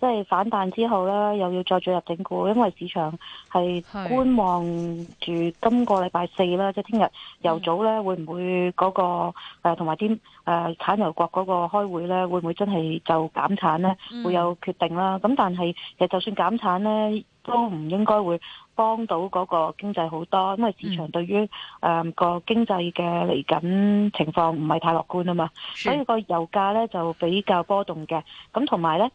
即係反彈之後咧，又要再進入整固，因為市場係觀望住今個禮拜四啦，即係聽日油早咧、嗯，會唔會嗰、嗰個同埋啲產油國嗰個開會咧，會唔會真係就減產咧、嗯？會有決定啦。咁但係其實就算減產咧，都唔應該會幫到嗰個經濟好多，因為市場對於個、呃、經濟嘅嚟緊情況唔係太樂觀啊嘛，所以個油價咧就比較波動嘅。咁同埋咧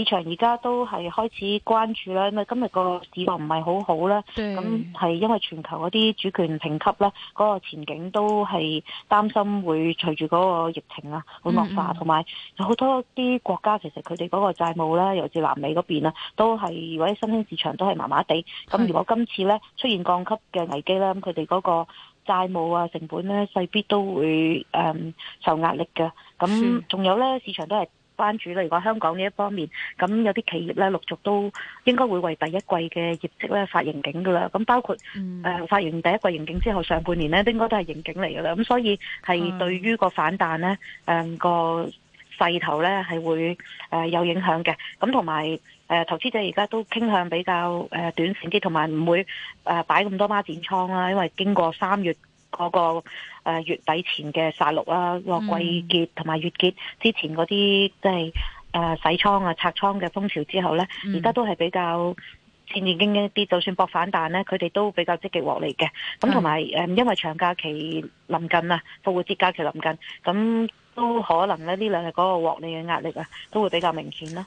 市場而家都係開始關注啦，因為今日個市況唔係好好啦，咁係因為全球嗰啲主權評級咧，嗰、嗰個前景都係擔心會隨住嗰個疫情啊會惡化，同埋好多啲國家其實佢哋嗰個債務呢，尤其南美嗰邊啊，都係或者新興市場都係麻麻地，咁如果今次咧出現降級嘅危機啦，咁佢哋嗰個債務啊成本咧勢必都會誒、嗯、受壓力嘅，咁仲有咧市場都係。關注咧，如果香港呢一方面，咁有啲企業咧，陸續都應該會為第一季嘅業績咧發盈警㗎啦。咁包括誒、嗯呃、發完第一季盈警之後，上半年咧應該都係盈警嚟㗎啦。咁所以係對於個反彈咧，誒、嗯個勢頭咧係會誒、呃、有影響嘅。咁同埋誒投資者而家都傾向比較誒、呃、短線啲，同埋唔會誒擺咁多孖展倉啦，因為經過三月。嗰個誒月底前嘅殺戮啊、個季結同埋月結之前嗰啲即係誒洗倉啊、拆倉嘅風潮之後咧，而家都係比較戰戰兢兢一啲。就算搏反彈咧，佢哋都比較積極獲利嘅。咁同埋誒因為長假期臨近啊，復活節假期臨近，咁都可能咧呢兩日嗰個獲利嘅壓力啊，都會比較明顯啦。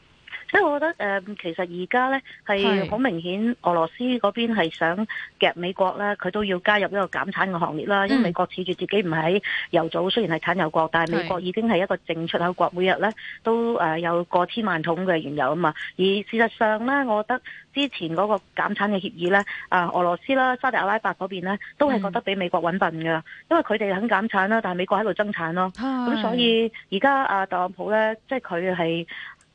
即係我覺得誒、嗯，其實而家咧係好明顯，俄羅斯嗰邊係想夾美國咧，佢都要加入一個減產嘅行列啦、嗯。因為美國恃住自己唔係喺油組，雖然係產油國，但係美國已經係一個淨出口國，每日咧都誒有過千萬桶嘅原油啊嘛。而事實上咧，我覺得之前嗰個減產嘅協議咧，啊俄羅斯啦、沙特阿拉伯嗰邊咧，都係覺得俾美國揾笨㗎，因為佢哋肯減產，產啦，但係美國喺度增產咯。咁所以而家阿特朗普咧，即係佢係。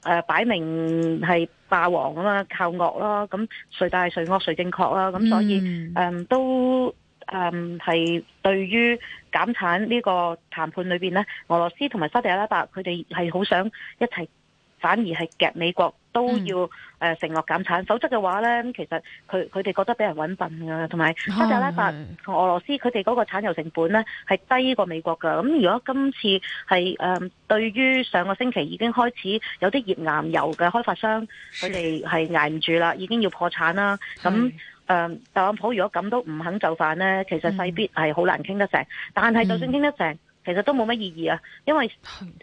誒、啊、擺明係霸王啊嘛，靠惡咯，咁誰大誰惡誰正確啦，咁所以誒、mm. 嗯、都誒係、嗯、對於減產呢個談判裏邊咧，俄羅斯同埋沙特阿拉伯佢哋係好想一齊。反而係夾美國都要誒、嗯呃、承諾減產，否則嘅話咧，其實佢佢哋覺得俾人揾笨㗎，同埋沙地阿拉伯同俄羅斯佢哋嗰個產油成本咧係低過美國㗎。咁、嗯、如果今次係誒、呃、對於上個星期已經開始有啲頁岩油嘅開發商，佢哋係捱唔住啦，已經要破產啦。咁、嗯、誒，特朗普如果咁都唔肯就範咧，其實勢必係好難傾得成。但係就算傾得成，嗯其實都冇乜意義啊，因為、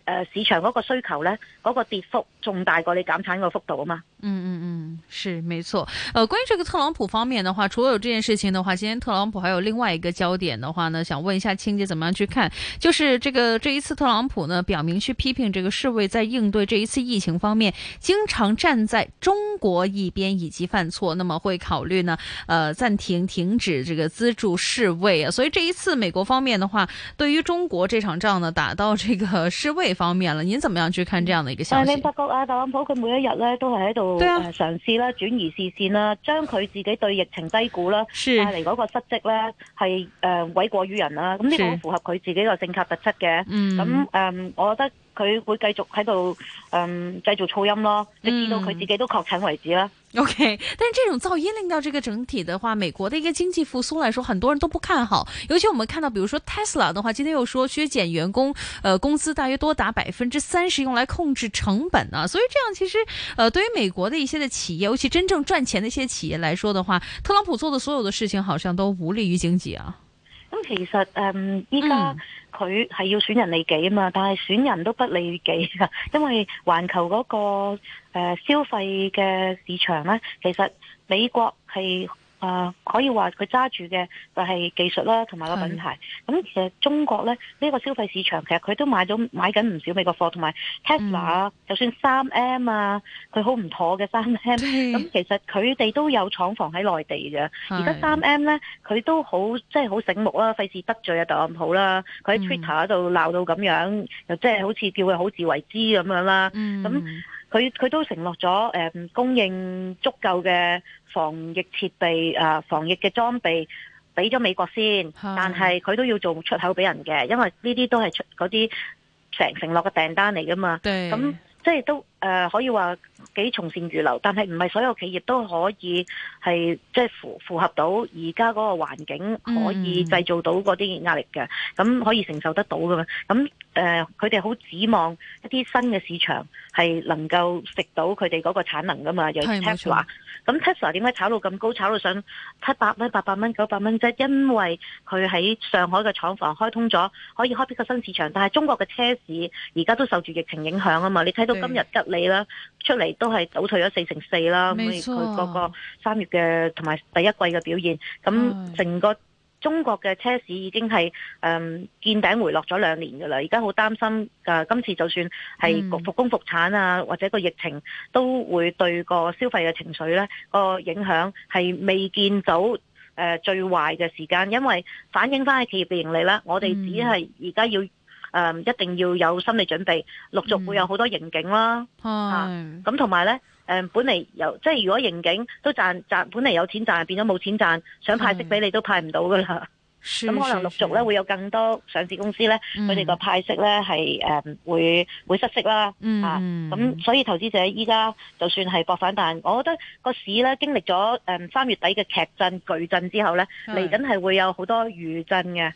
呃、市場嗰個需求呢，嗰、那個跌幅仲大過你減產個幅度啊嘛。嗯嗯嗯，是，沒錯。呃，關於這個特朗普方面的話，除了有這件事情的話，今天特朗普還有另外一個焦點的話呢，想問一下青姐，怎麼樣去看？就是這個這一次特朗普呢，表明去批評這個世衛在應對這一次疫情方面，經常站在中國一邊以及犯錯，那麼會考慮呢，呃，暫停停止這個資助世衛啊。所以這一次美國方面的話，對於中國。這場仗呢打到這個世衛方面了，您怎麼樣去看這樣的一個消息？但係你發覺啊，特朗普佢每一日呢都係喺度嘗試啦，轉移視線啦，將佢自己對疫情低估啦，帶嚟嗰個失職咧係誒諉過於人啦，咁、嗯、呢、這個符合佢自己個性格特質嘅。咁誒、嗯呃，我覺得。佢會繼續喺度嗯製造噪音咯，直至到佢自己都確診為止啦。嗯、OK，但是這種噪音令到這個整體的話，美國的一個經濟復甦來說，很多人都不看好。尤其我們看到，比如說 Tesla 的話，今天又說削減員工，呃，工資大約多達百分之三十，用來控制成本啊。所以這樣其實，呃，對於美國的一些的企業，尤其真正賺錢的一些企業來說的話，特朗普做的所有的事情，好像都無利於經濟啊。咁其實誒依家佢係要損人利己啊嘛，但係損人都不利己噶，因為環球嗰、那個、呃、消費嘅市場咧，其實美國係。誒、uh, 可以話佢揸住嘅就係技術啦，同埋個品牌。咁、嗯、其實中國咧呢、呢個消費市場，其實佢都買咗買緊唔少美國貨，同埋 Tesla，嗯、就算三 M 啊，佢好唔妥嘅三 M。咁、嗯、其實佢哋都有廠房喺內地嘅。而家三 M 咧，佢都好即係好醒目啦，費事得罪啊，特朗普啦。佢喺 Twitter 度鬧到咁樣，又即係好似叫佢好自為之咁樣啦。咁、嗯嗯佢佢都承諾咗誒，供應足夠嘅防疫設備、啊、防疫嘅裝備俾咗美國先，但係佢都要做出口俾人嘅，因為呢啲都係出嗰啲成承諾嘅訂單嚟噶嘛。咁、嗯、即係都。誒、呃、可以話幾從善如流，但係唔係所有企業都可以係即係符符合到而家嗰個環境可以製造到嗰啲壓力嘅，咁、嗯、可以承受得到噶嘛？咁誒佢哋好指望一啲新嘅市場係能夠食到佢哋嗰個產能噶嘛？又話咁 Tesla 點解炒到咁高，炒到上七百蚊、八百蚊、九百蚊啫？就是、因為佢喺上海嘅廠房開通咗，可以開闢個新市場，但係中國嘅車市而家都受住疫情影響啊嘛！你睇到今日吉。你啦出嚟都係倒退咗四成四啦，咁佢嗰個三月嘅同埋第一季嘅表現，咁成個中國嘅車市已經係誒、嗯、見頂回落咗兩年噶啦，而家好擔心誒、啊、今次就算係復工復產啊，或者個疫情都會對個消費嘅情緒咧、個影響係未見到誒、呃、最壞嘅時間，因為反映翻喺企業嘅盈利啦，我哋只係而家要。誒、嗯，一定要有心理準備，陸續會有好多盈警啦，咁同埋呢，誒本嚟有即係如果盈警都賺賺，本嚟有錢賺，變咗冇錢賺，想派息俾你都派唔到噶啦。咁、嗯嗯、可能陸續呢，會有更多上市公司呢，佢哋個派息呢係誒會會失色啦咁、嗯啊嗯、所以投資者依家就算係博反彈，我覺得個市呢，經歷咗三月底嘅劇震巨震之後呢，嚟緊係會有好多餘震嘅。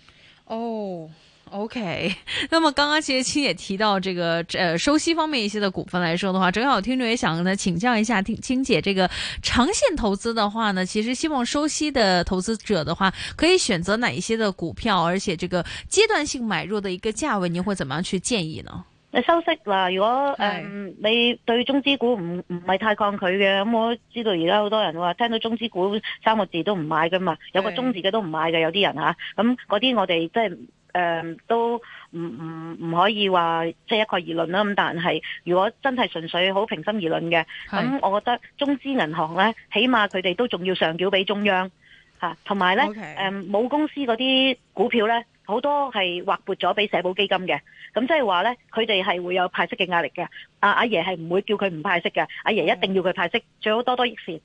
哦。OK，那麼剛剛其實青姐提到這個，呃，收息方面一些的股份來說的話，正好聽眾也想呢請教一下，聽青姐這個長線投資的話呢，其實希望收息的投資者的話，可以選擇哪一些的股票，而且這個階段性買入的一個價位，你會怎麼樣去建議呢？收息啦，如果嗯、呃、你對中資股唔唔係太抗拒嘅，咁、嗯、我知道而家好多人話聽到中資股三個字都唔買噶嘛，有個中字嘅都唔買嘅有啲人吓、啊，咁嗰啲我哋即係。誒、嗯，都唔唔唔可以話即係一概而論啦。咁但係如果真係純粹好平心而論嘅，咁我覺得中資銀行呢，起碼佢哋都仲要上繳俾中央吓，同、啊、埋呢誒母、okay. 嗯、公司嗰啲股票呢，好多係劃撥咗俾社保基金嘅。咁即係話呢，佢哋係會有派息嘅壓力嘅。阿阿爺係唔會叫佢唔派息嘅，阿、啊、爺一定要佢派息、嗯，最好多多益善。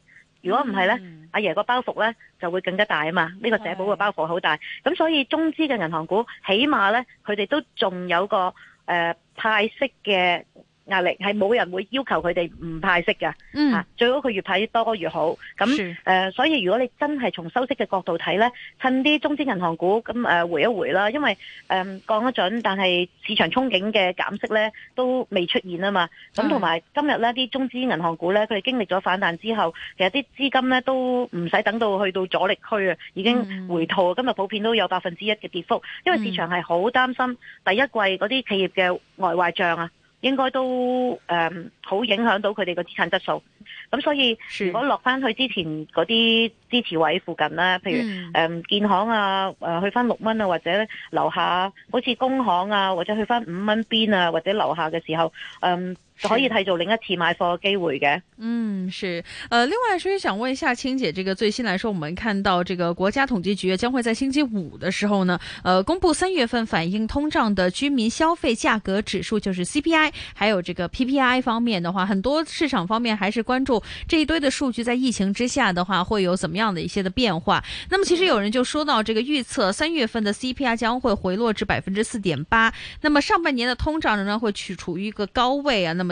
如果唔係呢，阿、嗯啊、爺個包袱呢就會更加大啊嘛！呢、這個社保個包袱好大，咁所以中資嘅銀行股，起碼呢佢哋都仲有個誒、呃、派息嘅壓力，係冇人會要求佢哋唔派息嘅，嗯，啊最好佢越派越多越好。咁誒、呃，所以如果你真係從收息嘅角度睇呢，趁啲中資銀行股咁誒、呃、回一回啦，因為誒降、呃、得準，但係市場憧憬嘅減息呢都未出現啊嘛。咁同埋今日呢啲中資銀行股呢，佢哋經歷咗反彈之後，其實啲資金呢都唔使等到去到阻力區啊，已經回吐，嗯。今日普遍都有百分之一嘅跌幅，因為市場係好擔心第一季嗰啲企業嘅外壞賬啊。應該都誒好、嗯、影響到佢哋個資產質素，咁所以如果落翻去之前嗰啲支持位附近啦，譬如誒、嗯嗯、建行啊，去翻六蚊啊，或者樓下，好似工行啊，或者去翻五蚊邊啊，或者樓下嘅時候，誒、嗯。可以睇做另一次買貨機會嘅。嗯，是。呃，另外，所以想問一下青姐，這個最新來說，我們看到這個國家統計局將會在星期五的時候呢，呃，公布三月份反映通脹的居民消費價格指數，就是 CPI，還有這個 PPI 方面的話，很多市場方面還是關注這一堆的數據，在疫情之下的話，會有怎麼樣的一些的變化。那麼，其實有人就說到，這個預測三月份的 CPI 將會回落至百分之四點八，那麼上半年的通脹仍然會處處於一個高位啊。那麼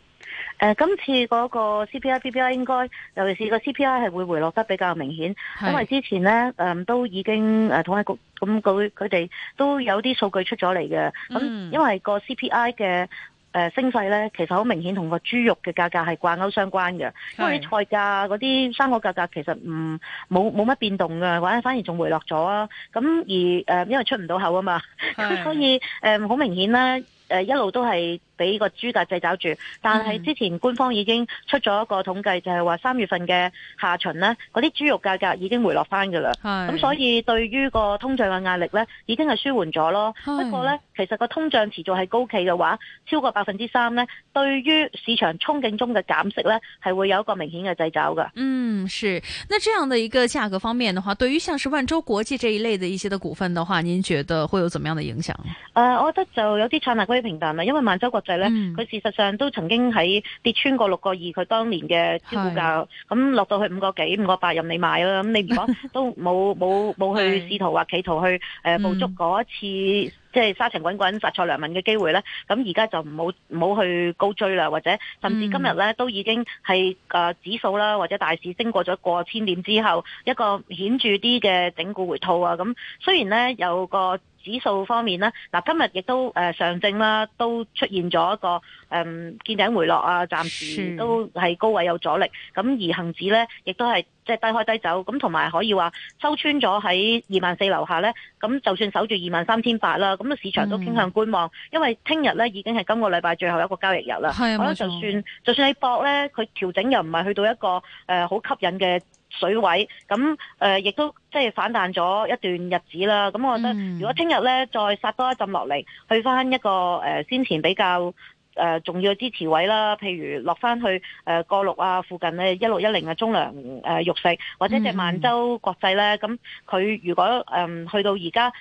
誒、呃，今次嗰個 CPI、PPI 應該，尤其是個 CPI 係會回落得比較明顯，因為之前咧誒、呃、都已經誒統計局咁佢佢哋都有啲數據出咗嚟嘅。咁、嗯、因為個 CPI 嘅誒升勢咧，其實好明顯同個豬肉嘅價格係掛鈎相關嘅。因為啲菜價、嗰啲生果價格其實唔冇冇乜變動㗎，反反而仲回落咗啊。咁而誒、呃，因為出唔到口啊嘛， 所以誒好、呃、明顯啦、呃，一路都係。畀個豬價掣肘住，但係之前官方已經出咗一個統計，就係話三月份嘅下旬呢，嗰啲豬肉價格已經回落返㗎喇。咁 所以對於個通脹嘅壓力呢，已經係舒緩咗囉。不過呢，其實個通脹持續係高企嘅話，超過百分之三呢，對於市場憧憬中嘅減息呢，係會有一個明顯嘅掣肘嘅。嗯，是。那這樣的一個價格方面嘅話，對於像是萬洲國際這一類的一些的股份嘅話，您覺得會有怎麼樣的影響？誒、呃，我覺得就有啲燦爛歸平淡啦，因為萬洲國際係、嗯、咧，佢事實上都曾經喺跌穿過六個二，佢當年嘅招股價，咁、嗯、落到去五個幾、五個八任你買啦。咁你如果都冇冇冇去試圖話企圖去誒捕捉一次、嗯、即係沙塵滾滾殺錯良民嘅機會咧，咁而家就唔好去高追啦，或者甚至今日咧、嗯、都已經係誒指數啦，或者大市升過咗過千點之後，一個顯著啲嘅整固回吐啊。咁、嗯、雖然咧有個。指數方面呢，嗱今日亦都誒上證啦，都出現咗一個誒、嗯、見頂回落啊，暫時都係高位有阻力。咁、嗯、而恒指呢，亦都係即係低開低走，咁同埋可以話收穿咗喺二萬四樓下呢。咁就算守住二萬三千八啦，咁啊市場都傾向觀望，嗯、因為聽日呢已經係今個禮拜最後一個交易日啦。係啊，我覺得就算就算你搏呢，佢調整又唔係去到一個誒好、呃、吸引嘅。水位咁誒，亦、呃、都即係反彈咗一段日子啦。咁我覺得，如果聽日咧再殺多一陣落嚟，去翻一個、呃、先前比較誒、呃、重要嘅支持位啦，譬如落翻去誒個、呃、六啊附近咧一六一零嘅中糧誒肉食，或者隻萬洲國際咧，咁佢如果誒、呃、去到而家。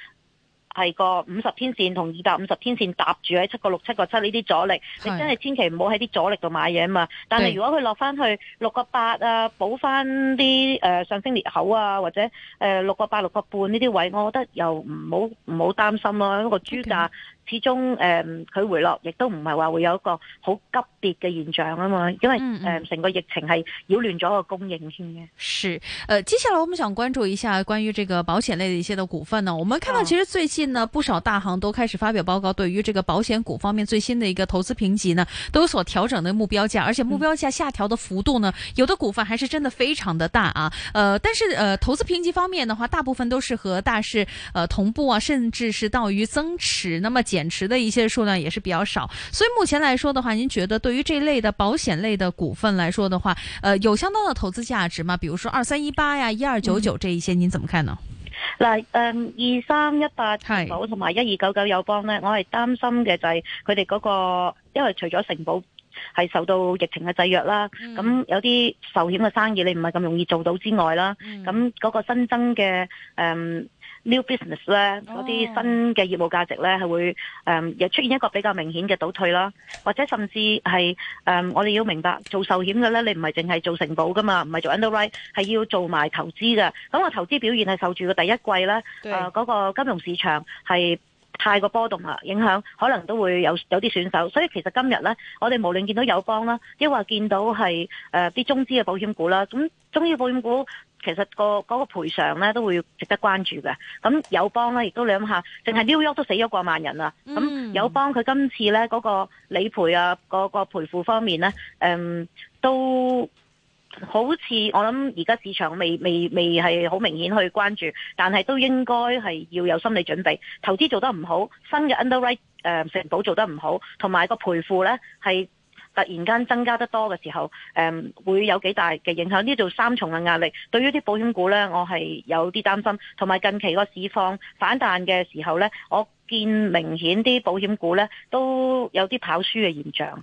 係個五十天線同二百五十天線搭住喺七個六七個七呢啲阻力，你真係千祈唔好喺啲阻力度買嘢啊嘛。但係如果佢落翻去六個八啊，補翻啲誒上升裂口啊，或者誒六個八六個半呢啲位，我覺得又唔好唔好擔心咯、啊。個豬價。始終誒佢、嗯、回落，亦都唔係話會有一個好急跌嘅現象啊嘛，因為誒成、嗯呃、個疫情係擾亂咗個供應先嘅。是，誒、呃，接下來我們想關注一下關於這個保險類的一些的股份呢、啊。我們看到其實最近呢、哦、不少大行都開始發表報告，對於這個保險股方面最新的一個投資評級呢都有所調整嘅目標價，而且目標價下調的幅度呢、嗯，有的股份還是真的非常的大啊。誒、呃，但是誒、呃、投資評級方面的話，大部分都是和大市誒、呃、同步啊，甚至是到於增持。那麼，減減持的一些數量也是比較少，所以目前來說的話，您覺得對於這類的保險類的股份來說的話，呃，有相當的投資價值嗎？比如說二三一八呀，一二九九這一些，嗯、這些，您怎麼看呢？嗱、嗯，嗯，二三一八城保同埋一二九九友邦呢，我係擔心嘅就係佢哋嗰個，因為除咗城保係受到疫情嘅制約啦，咁、嗯、有啲壽險嘅生意你唔係咁容易做到之外啦，咁、嗯、嗰個新增嘅，嗯。new business 咧，嗰啲新嘅業務價值咧，係、oh. 會誒、嗯、又出現一個比較明顯嘅倒退啦，或者甚至係誒、嗯，我哋要明白做壽險嘅咧，你唔係淨係做承保噶嘛，唔係做 underwriting 係要做埋投資嘅。咁個投資表現係受住個第一季咧誒嗰個金融市場係太過波動啦，影響可能都會有有啲損手。所以其實今日咧，我哋無論見到友邦啦，亦或見到係誒啲中資嘅保險股啦，咁中資保險股。其實個嗰個賠償咧都會值得關注嘅。咁友邦咧亦都兩下，淨係 New York 都死咗過萬人啦。咁友邦佢今次咧嗰、那個理賠啊，嗰、那個賠付方面咧，誒、嗯、都好似我諗而家市場未未未係好明顯去關注，但係都應該係要有心理準備。投資做得唔好，新嘅 underwrite 誒、呃、承保做得唔好，同埋個賠付咧係。突然間增加得多嘅時候，誒、嗯、會有幾大嘅影響？呢度三重嘅壓力，對於啲保險股呢，我係有啲擔心。同埋近期個市況反彈嘅時候呢，我見明顯啲保險股呢都有啲跑輸嘅現象。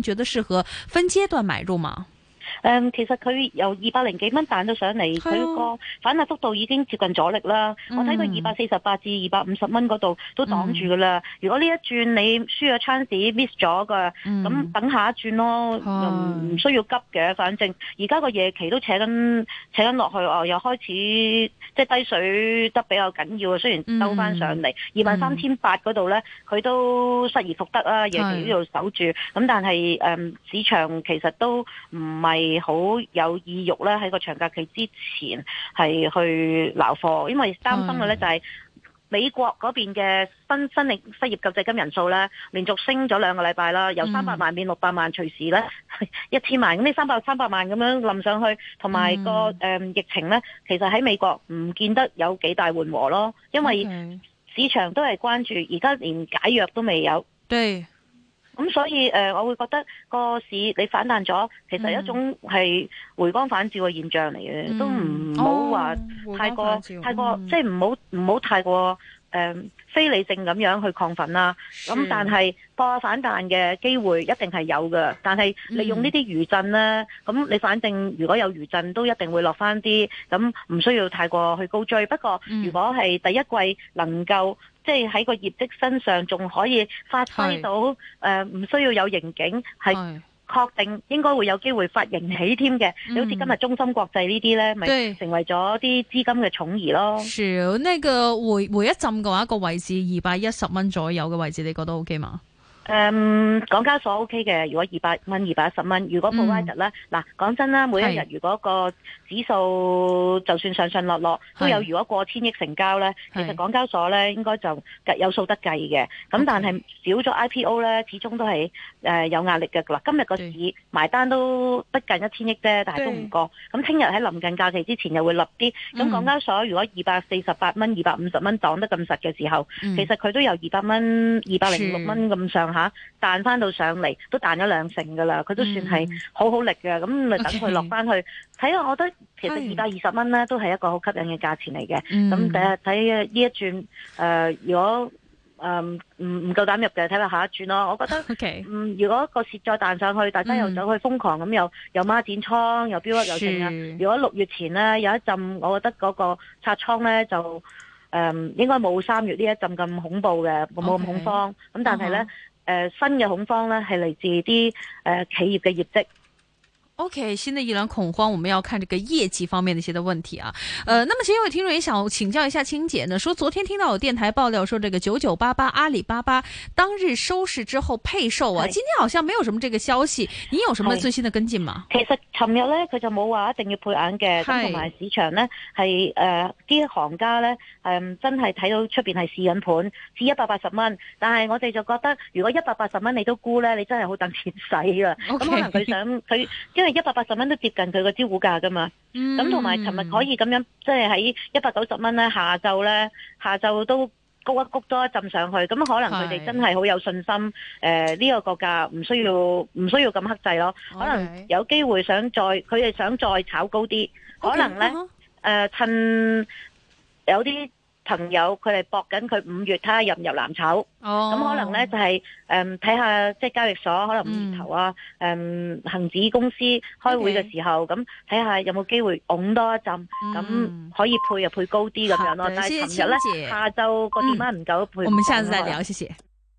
覺得適合分階段買入嗎？嗯、其實佢由二百零幾蚊彈到上嚟，佢個、啊、反彈幅度已經接近阻力啦、嗯。我睇佢二百四十八至二百五十蚊嗰度都擋住㗎啦、嗯。如果呢一轉你輸咗，chance miss 咗㗎，咁等下一轉咯，唔、嗯、需要急嘅。反正而家個夜期都扯緊扯緊落去，哦，又開始即係低水得比較緊要啊。雖然收翻上嚟二萬三千八嗰度呢，佢都失而復得啦。夜期呢度守住，咁、嗯、但係、嗯、市場其實都唔係。好有意欲咧，喺個長假期之前係去撈貨，因為擔心嘅咧就係美國嗰邊嘅新申領失業救濟金人數咧，連續升咗兩個禮拜啦，由三百萬變六百萬，隨、嗯、時咧一千萬。咁呢三百三百萬咁樣冧上去，同埋、那個誒、嗯嗯、疫情咧，其實喺美國唔見得有幾大緩和咯，因為市場都係關注而家連解藥都未有。對。咁、嗯、所以誒、呃、我會覺得個市你反彈咗，其實一種係回光返照嘅現象嚟嘅、嗯，都唔好話太過太過，即係唔好唔好太過誒、嗯呃、非理性咁樣去亢奮啦。咁、嗯、但係博反彈嘅機會一定係有嘅，但係利用呢啲餘震咧，咁、嗯、你反正如果有餘震，都一定會落翻啲，咁唔需要太過去高追。不過如果係第一季能夠、嗯。能即係喺個業績身上仲可以發揮到，誒、唔、呃、需要有盈警，係確定應該會有機會發盈喜添嘅，好、嗯、似今日中芯國際呢啲呢，咪成為咗啲資金嘅寵兒咯。呢個回回一浸嘅話，一個位置二百一十蚊左右嘅位置，你覺得 OK 嘛？誒，港交所 O K 嘅，如果二百蚊、二百一十蚊，如果冇威日咧，嗱、嗯，講真啦，每一日如果個指數就算上上落落都有，如果過千億成交咧，其實港交所咧應該就有數得計嘅。咁但係少咗 I P O 咧，始終都係誒、呃、有壓力嘅啦。今日個市埋單都不近一千億啫，但係都唔過。咁聽日喺臨近假期之前又會立啲。咁、嗯、港交所如果二百四十八蚊、二百五十蚊擋得咁實嘅時候，嗯、其實佢都有二百蚊、二百零六蚊咁上。吓彈翻到上嚟，都彈咗兩成噶啦，佢都算係好好力噶。咁、嗯、咪等佢落翻去睇，下、okay.，我覺得其實二百二十蚊咧都係一個好吸引嘅價錢嚟嘅。咁第日睇呢一轉，誒、呃，如果誒唔唔夠膽入嘅，睇下下一轉咯。我覺得，okay. 嗯、如果個市再彈上去，大家又走去瘋狂咁，又又孖展倉，又標啊，又剩啊。如果六月前呢有一陣，我覺得嗰個拆倉呢就誒、呃，應該冇三月呢一陣咁恐怖嘅，冇咁恐慌。咁、okay. 嗯、但係呢。Okay. 誒，新嘅恐慌咧，係嚟自啲誒企業嘅業績。O K，新的一輪恐慌，我們要看這個業績方面的一些的問題啊。呃，那麼其實有一位聽眾也想請教一下青姐呢，說昨天聽到有電台爆料說這個九九八八阿里巴巴當日收市之後配售啊，今天好像沒有什麼這個消息，你有什麼最新的跟進嗎？其實尋日呢，佢就冇話一定要配眼嘅，同埋市場呢，係誒啲行家呢，誒、呃、真係睇到出邊係試隱盤至一百八十蚊，但係我哋就覺得如果一百八十蚊你都沽呢，你真係好等錢使啦。咁、okay, 嗯、可能佢想佢因為。一百八十蚊都接近佢個招股價噶嘛，咁同埋尋日可以咁樣，即係喺一百九十蚊咧，下晝咧，下晝都谷一谷多一浸上去，咁可能佢哋真係好有信心，誒呢、呃這個股價唔需要唔需要咁克制咯，okay、可能有機會想再，佢哋想再炒高啲，okay, 可能咧誒、uh, 趁有啲。朋友佢哋搏緊佢五月睇下入唔入藍籌，咁可能咧就係誒睇下即係交易所可能五月頭啊，誒、嗯、恒指公司開會嘅時候，咁睇下有冇機會拱多一浸，咁、嗯、可以配入配高啲咁樣咯。但係琴日咧下晝個點解唔夠配、嗯嗯嗯。我們下次再聊，謝謝。